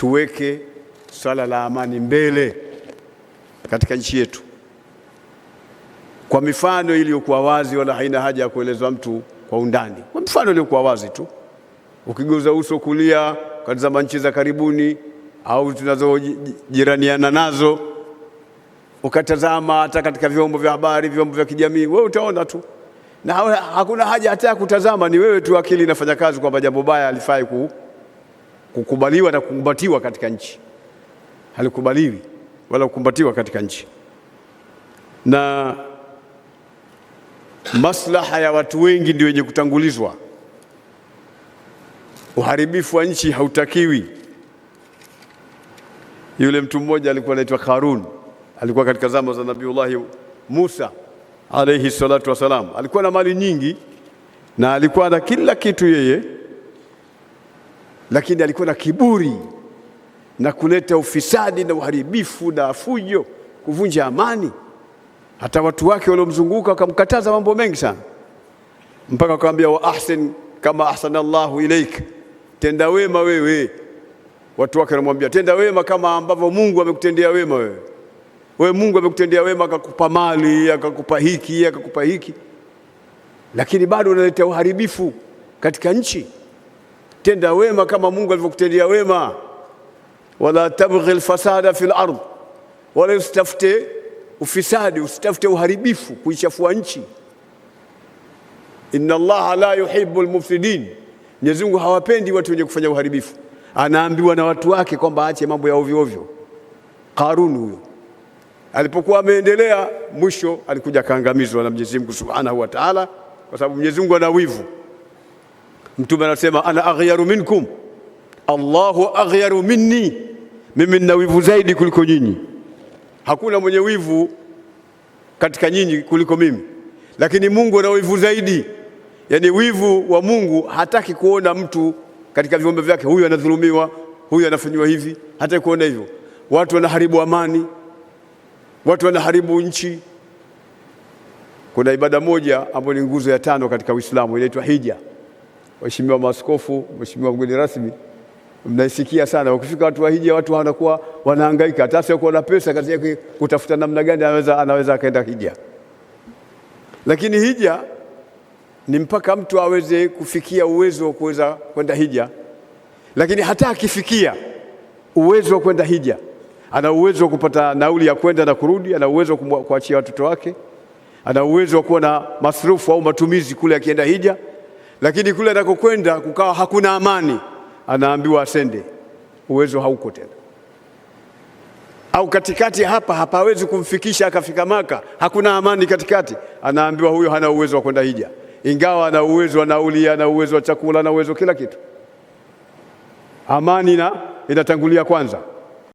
tuweke swala la amani mbele katika nchi yetu kwa mifano iliyokuwa wazi, wala haina haja ya kuelezwa mtu kwa undani. Kwa mifano iliyokuwa wazi tu, ukigeuza uso kulia ukatazama nchi za karibuni au tunazojiraniana nazo, ukatazama hata katika vyombo vya habari, vyombo vya kijamii, wewe utaona tu na hakuna haja hata ya kutazama, ni wewe tu akili inafanya kazi kwamba jambo baya alifai kukubaliwa na kukumbatiwa katika nchi, halikubaliwi wala kukumbatiwa katika nchi. Na maslaha ya watu wengi ndio yenye kutangulizwa. Uharibifu wa nchi hautakiwi. Yule mtu mmoja alikuwa anaitwa Karun, alikuwa katika zama za Nabiullahi Musa alaihi salatu wassalam. Alikuwa na mali nyingi na alikuwa na kila kitu yeye lakini alikuwa na kiburi na kuleta ufisadi na uharibifu na fujo, kuvunja amani. Hata watu wake waliomzunguka wakamkataza mambo mengi sana, mpaka akamwambia wa ahsin kama ahsanallahu ilaik, tenda wema wewe. Watu wake wanamwambia tenda wema kama ambavyo Mungu amekutendea wema wewe. Wewe Mungu amekutendea wema, akakupa mali, akakupa hiki, akakupa hiki, lakini bado unaleta uharibifu katika nchi tenda wema kama Mungu alivyokutendea wema, wala tabghi alfasada fil ard, wala usitafute ufisadi, usitafute uharibifu kuichafua nchi. Inna Allaha la yuhibbu almufsidin, Mwenyezi Mungu hawapendi watu wenye kufanya uharibifu. Anaambiwa na watu wake kwamba aache mambo ya ovyo ovyo. Qarun huyo alipokuwa ameendelea, mwisho alikuja akaangamizwa na Mwenyezi Mungu Subhanahu wa Ta'ala, kwa sababu Mwenyezi Mungu ana wivu. Mtume anasema ana aghyaru minkum, Allahu aghyaru minni, mimi nina wivu zaidi kuliko nyinyi. Hakuna mwenye wivu katika nyinyi kuliko mimi, lakini Mungu ana wivu zaidi. Yaani wivu wa Mungu hataki kuona mtu katika viumbe vyake, huyu anadhulumiwa, huyu anafanywa hivi, hataki kuona hivyo. Watu wanaharibu amani, watu wanaharibu nchi. Kuna ibada moja ambayo ni nguzo ya tano katika Uislamu inaitwa hija. Waheshimiwa maaskofu, mheshimiwa mgeni rasmi, mnaisikia sana. Ukifika watu wa hija, watu wanakuwa wanahangaika, hata sio na pesa yake kutafuta namna gani anaweza, anaweza akaenda hija. Lakini hija ni mpaka mtu aweze kufikia uwezo wa kuweza kwenda hija, lakini hata akifikia uwezo wa kwenda hija, ana uwezo wa kupata nauli ya kwenda na kurudi, ana uwezo wa kuachia watoto wake, ana uwezo wa kuwa na masrufu au matumizi kule akienda hija lakini kule anakokwenda kukawa hakuna amani, anaambiwa asende, uwezo hauko tena. Au katikati hapa hapawezi kumfikisha akafika Maka, hakuna amani katikati, anaambiwa huyo hana uwezo wa kwenda hija, ingawa ana uwezo wa nauli, ana uwezo wa chakula, ana uwezo kila kitu. Amani na inatangulia kwanza.